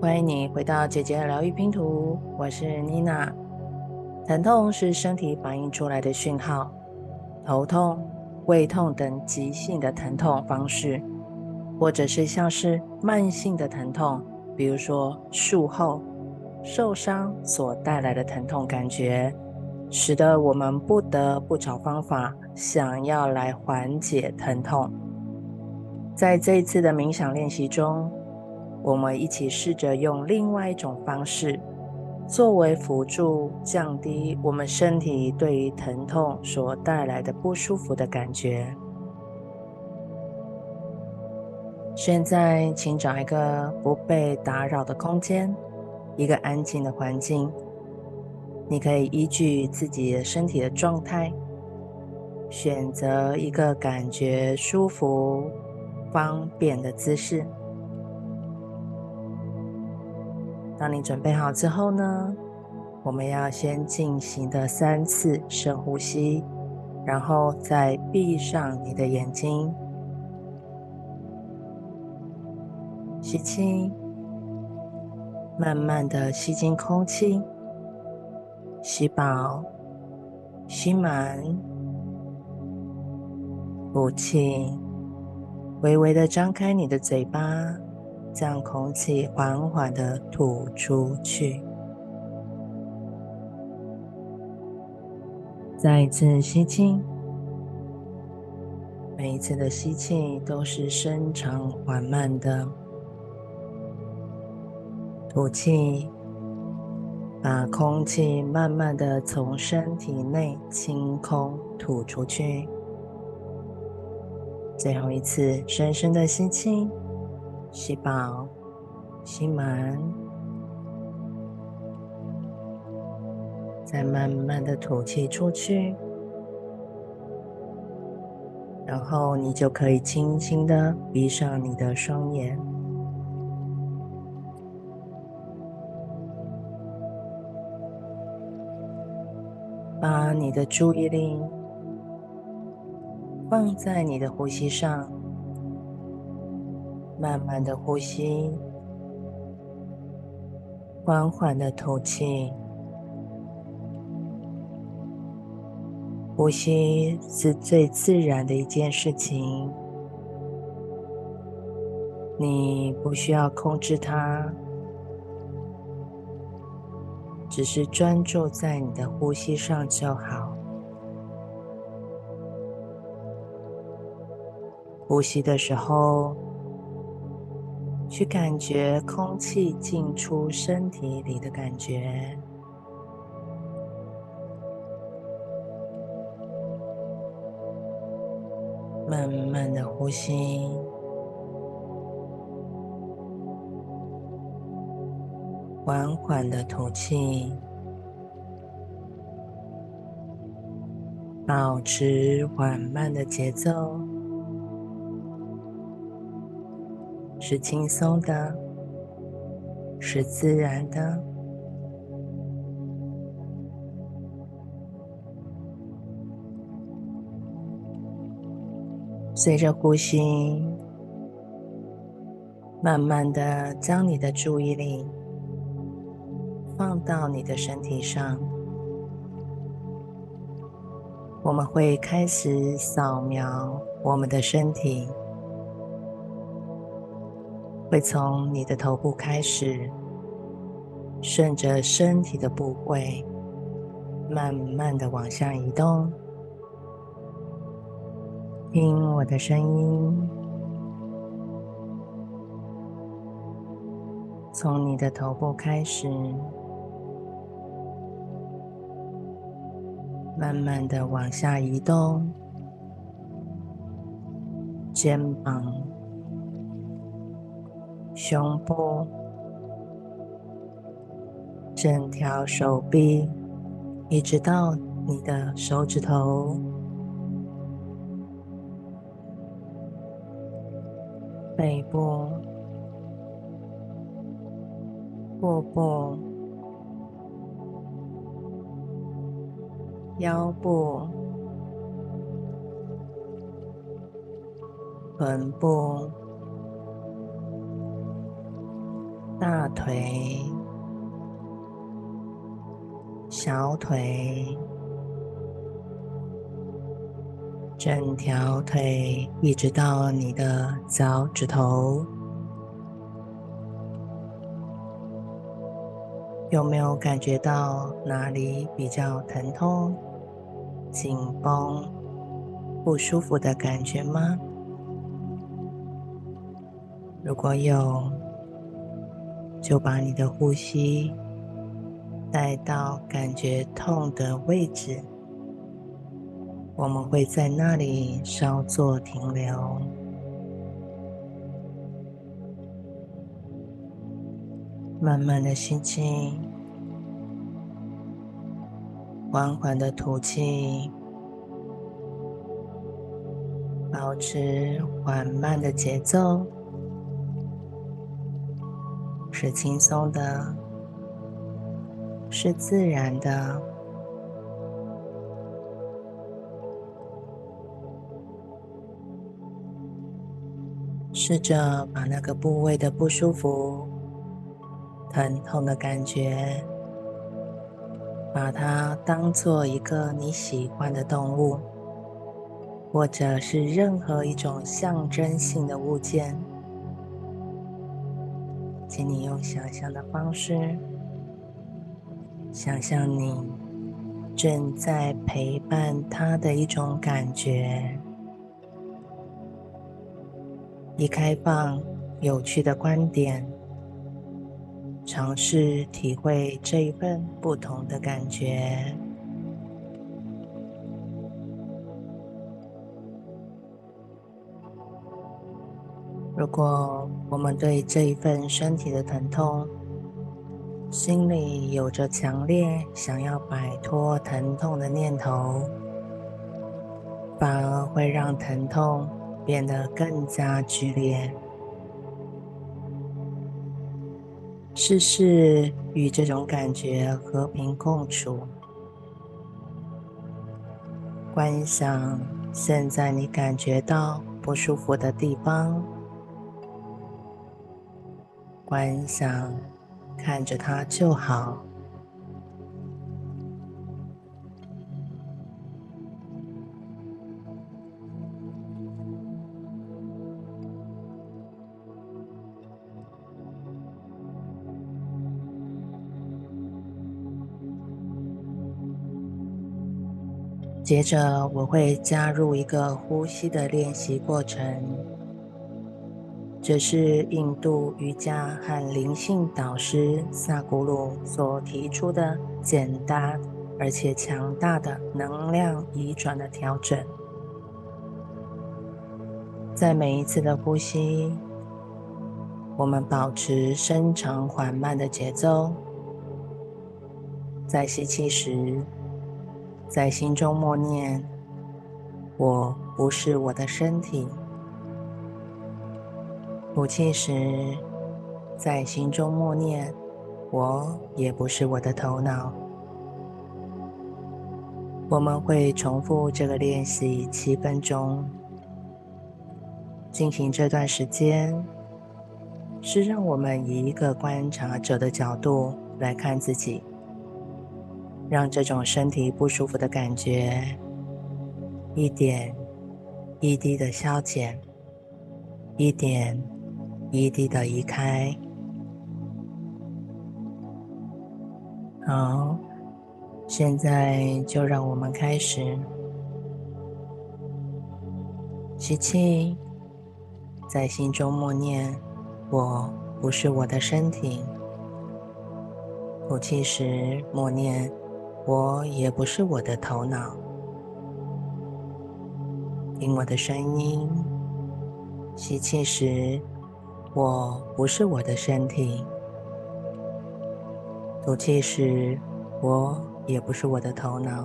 歡迎你回到姐姐的療癒拼圖，我是妮娜。疼痛是身體反映出來的訊號，頭痛、胃痛等急性的疼痛方式，或者是像是慢性的疼痛，比如說術後、受傷所帶來的疼痛感覺，使得我們不得不找方法想要來緩解疼痛。在這一次的冥想練習中，我們一起試着用另外一種方式，作為輔助，降低我們身體對於疼痛所帶來的不舒服的感覺。現在，請找一個不被打擾的空間，一個安靜的環境。你可以依據自己的身體的狀態，選擇一個感覺舒服、方便的姿勢。當你準備好之後呢，我們要先進行的三次深呼吸，然後再閉上你的眼睛,吸氣，慢慢的吸進空氣，吸飽，吸滿，呼氣，微微的張開你的嘴巴。將空氣緩緩的吐出去，再一次吸氣，每一次的吸氣都是深長緩慢的，吐氣，把空氣慢慢的從身體內清空吐出去，最後一次深深的吸氣。吸飽，吸滿，再慢慢的吐氣出去，然後你就可以輕輕的閉上你的雙眼，把你的注意力放在你的呼吸上。慢慢的呼吸，緩緩的吐氣。呼吸是最自然的一件事情，你不需要控制它，只是專注在你的呼吸上就好。呼吸的時候。去感覺空氣進出身體裡的感覺，慢慢的呼吸，緩緩的吐氣，保持緩慢的節奏。是輕鬆的，是自然的。隨着呼吸，慢慢的將你的注意力放到你的身體上，我們會開始掃描我們的身體。會從你的頭部開始，順着身體的部位，慢慢的往下移動。聽我的聲音，從你的頭部開始，慢慢的往下移動，肩膀。胸部，整條手臂，一直到你的手指頭，背部，腹部，腰部，臀部。大腿、小腿、整條腿，一直到你的腳趾頭，有沒有感覺到哪裡比較疼痛、緊繃、不舒服的感覺嗎？如果有。就把你的呼吸帶到感覺痛的位置，我們會在那裡稍作停留，慢慢的吸氣，緩緩的吐氣，保持緩慢的節奏。是輕鬆的，是自然的。試着把那個部位的不舒服、疼痛的感覺，把它當做一個你喜歡的動物，或者是任何一種象徵性的物件。請你用想象的方式，想象你正在陪伴他的一種感覺，以開放、有趣的觀點，嘗試體會這一份不同的感覺。如果我們對這一份身體的疼痛，心裡有着強烈想要擺脫疼痛的念頭，反而會讓疼痛變得更加劇烈。試試與這種感覺和平共處，觀想現在你感覺到不舒服的地方。觀想，看着它就好。接着，我會加入一個呼吸的練習過程。這是印度瑜伽和靈性導師薩古魯所提出的簡單而且強大的能量移轉的調整。在每一次的呼吸，我們保持深長緩慢的節奏。在吸氣時，在心中默念：“我不是我的身體。”吐氣時，在心中默念：“我也不是我的頭腦。”我們會重複這個練習七分鐘。進行這段時間，是讓我們以一個觀察者的角度來看自己，讓這種身體不舒服的感覺一點一滴的消減，一點。一地的移開。好，現在就讓我們開始吸氣，在心中默念“我不是我的身體”。呼氣時默念“我也不是我的頭腦”。聽我的聲音，吸氣時。我不是我的身體，吐氣時我也不是我的頭腦。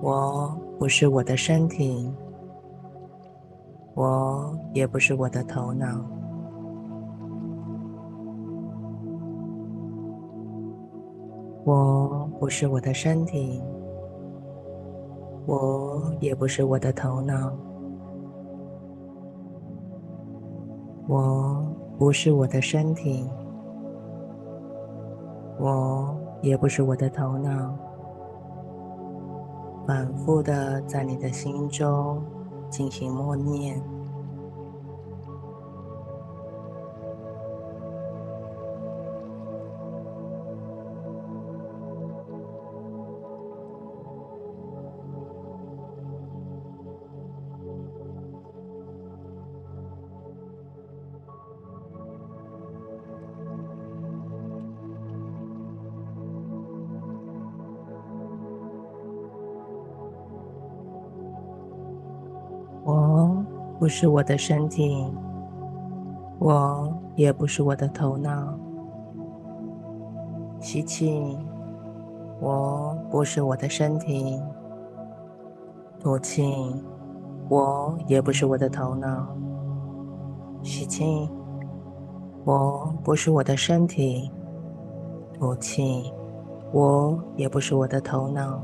我不是我的身體，我也不是我的頭腦。我不是我的身體，我也不是我的頭腦。我不是我的身體，我也不是我的頭腦，反覆的在你的心中進行默念。不是我的身體，我也不是我的頭腦。吸氣，我不是我的身體；吐氣，我也不是我的頭腦。吸氣，我不是我的身體；吐氣，我也不是我的頭腦。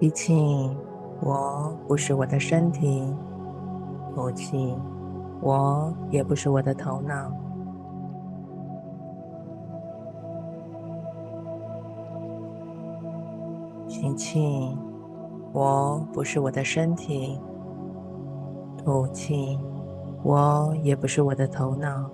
吸氣，我不是我的身體；呼氣，我也不是我的頭腦。吸氣，我不是我的身體；呼氣，我也不是我的頭腦。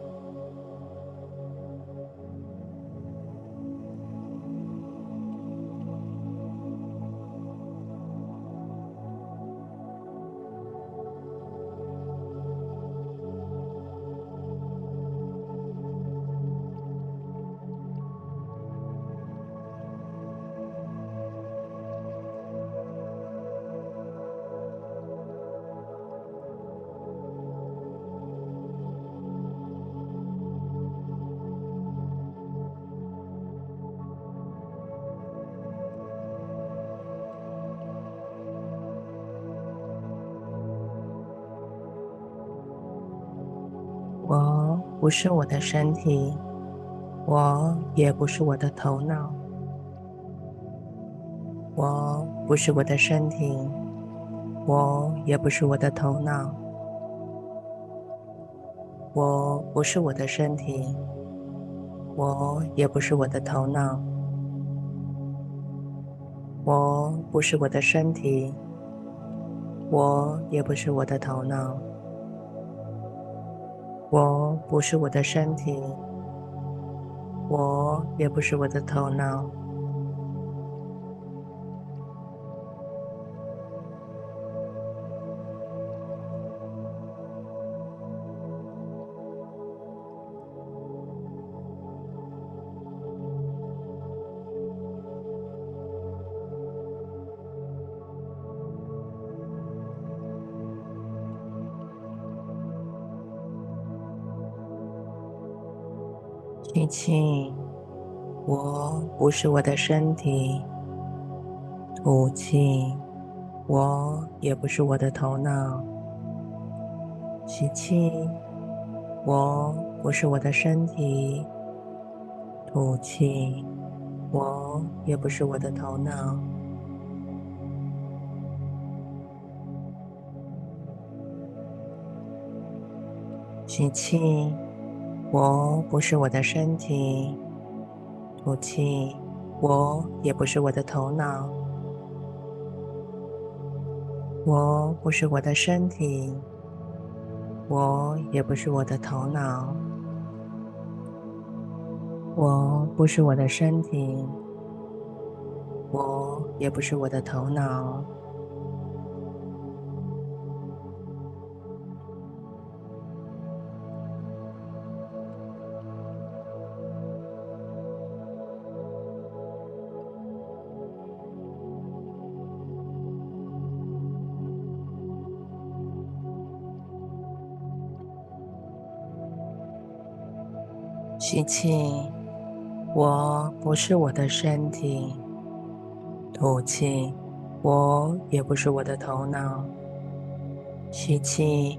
我不是我的身體，我也不是我的頭腦。我不是我的身體，我也不是我的頭腦。我不是我的身體，我也不是我的頭腦。我不是我的身體，我也不是我的頭腦。我不是我的身體，我也不是我的頭腦。吸氣，我不是我的身體；吐氣，我也不是我的頭腦。吸氣，我不是我的身體；吐氣，我也不是我的頭腦。吸氣。我不是我的身體，吐氣。我也不是我的頭腦。我不是我的身體，我也不是我的頭腦。我不是我的身體，我也不是我的頭腦。吸氣，我不是我的身體。吐氣，我也不是我的頭腦。吸氣，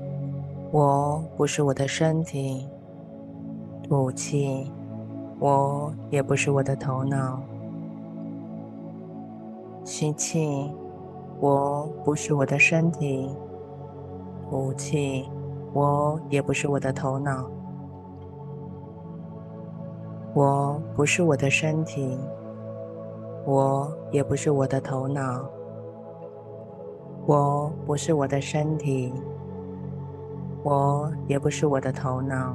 我不是我的身體。吐氣，我也不是我的頭腦。吸氣，我不是我的身體。吐氣，我也不是我的頭腦。我不是我的身體，我也不是我的頭腦。我不是我的身體，我也不是我的頭腦。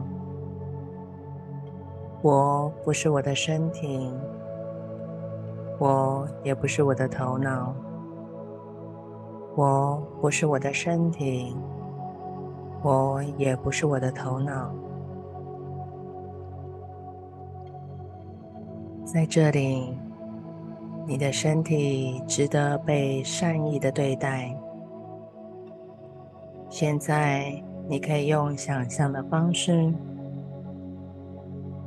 我不是我的身體，我也不是我的頭腦。我不是我的身體，我也不是我的頭腦。在這裡，你的身體值得被善意的對待。現在，你可以用想象的方式，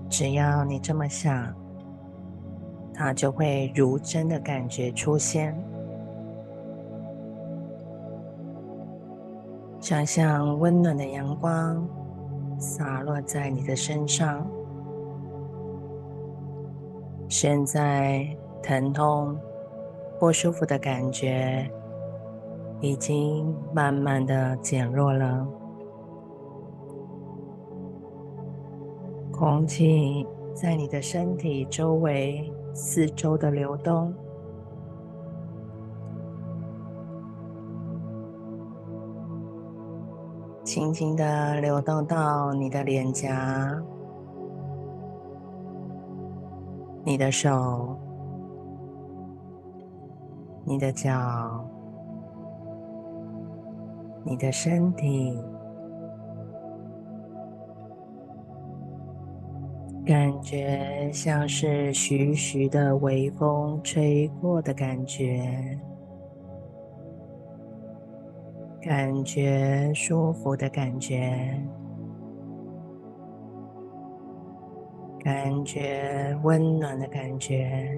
只要你這麼想，它就會如真的感覺出現。想象溫暖的陽光灑落在你的身上。現在疼痛不舒服的感覺已經慢慢的減弱了，空氣在你的身體周圍四周的流動，輕輕的流動到你的臉頰。你的手，你的腳，你的身體，感覺像是徐徐的微風吹過的感覺，感覺舒服的感覺。感覺溫暖的感覺，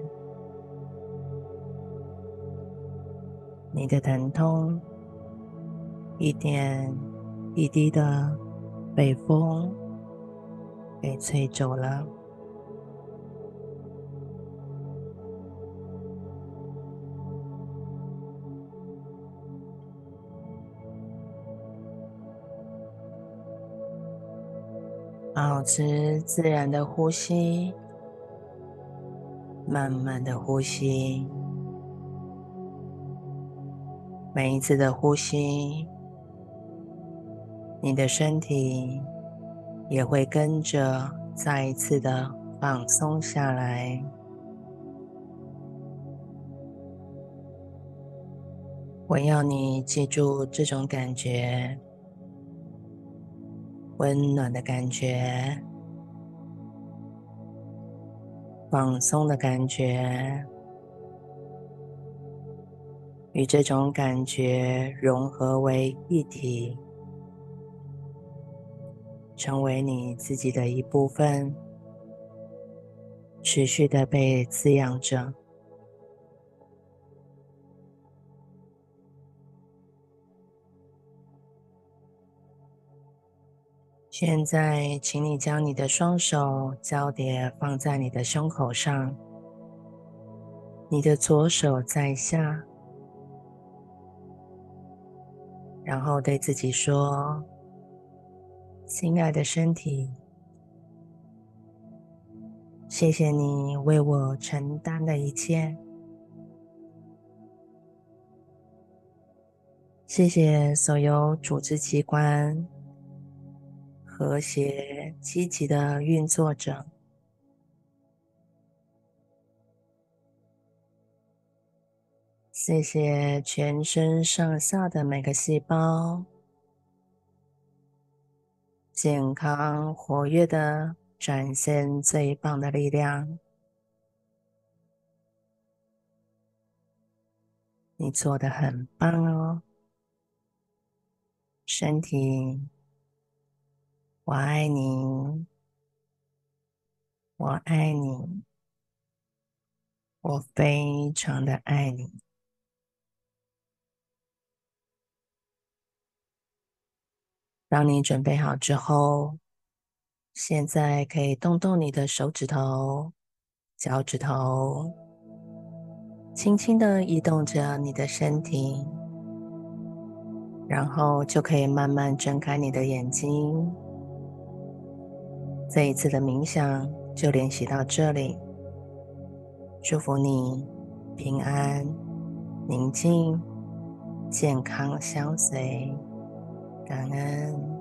你的疼痛，一點一滴的被風給吹走了。持自然的呼吸，慢慢的呼吸，每一次的呼吸，你的身體也會跟着再一次的放鬆下來。我要你記住這種感覺。溫暖的感覺，放鬆的感覺，與這種感覺融合為一體，成為你自己的一部分，持續的被滋養着。現在，請你將你的雙手交疊放在你的胸口上，你的左手在下，然後對自己說：“親愛的身體，謝謝你為我承擔的一切，謝謝所有組織器官。”和諧、積極的運作著。謝謝全身上下的每個細胞，健康、活躍的展現最棒的力量。你做得很棒哦，身體。我愛你，我愛你，我非常的愛你。當你準備好之後，現在可以動動你的手指頭、腳趾頭，輕輕的移動着你的身體，然後就可以慢慢睜開你的眼睛。這一次的冥想就練習到這裡，祝福你平安、寧靜、健康相隨，感恩。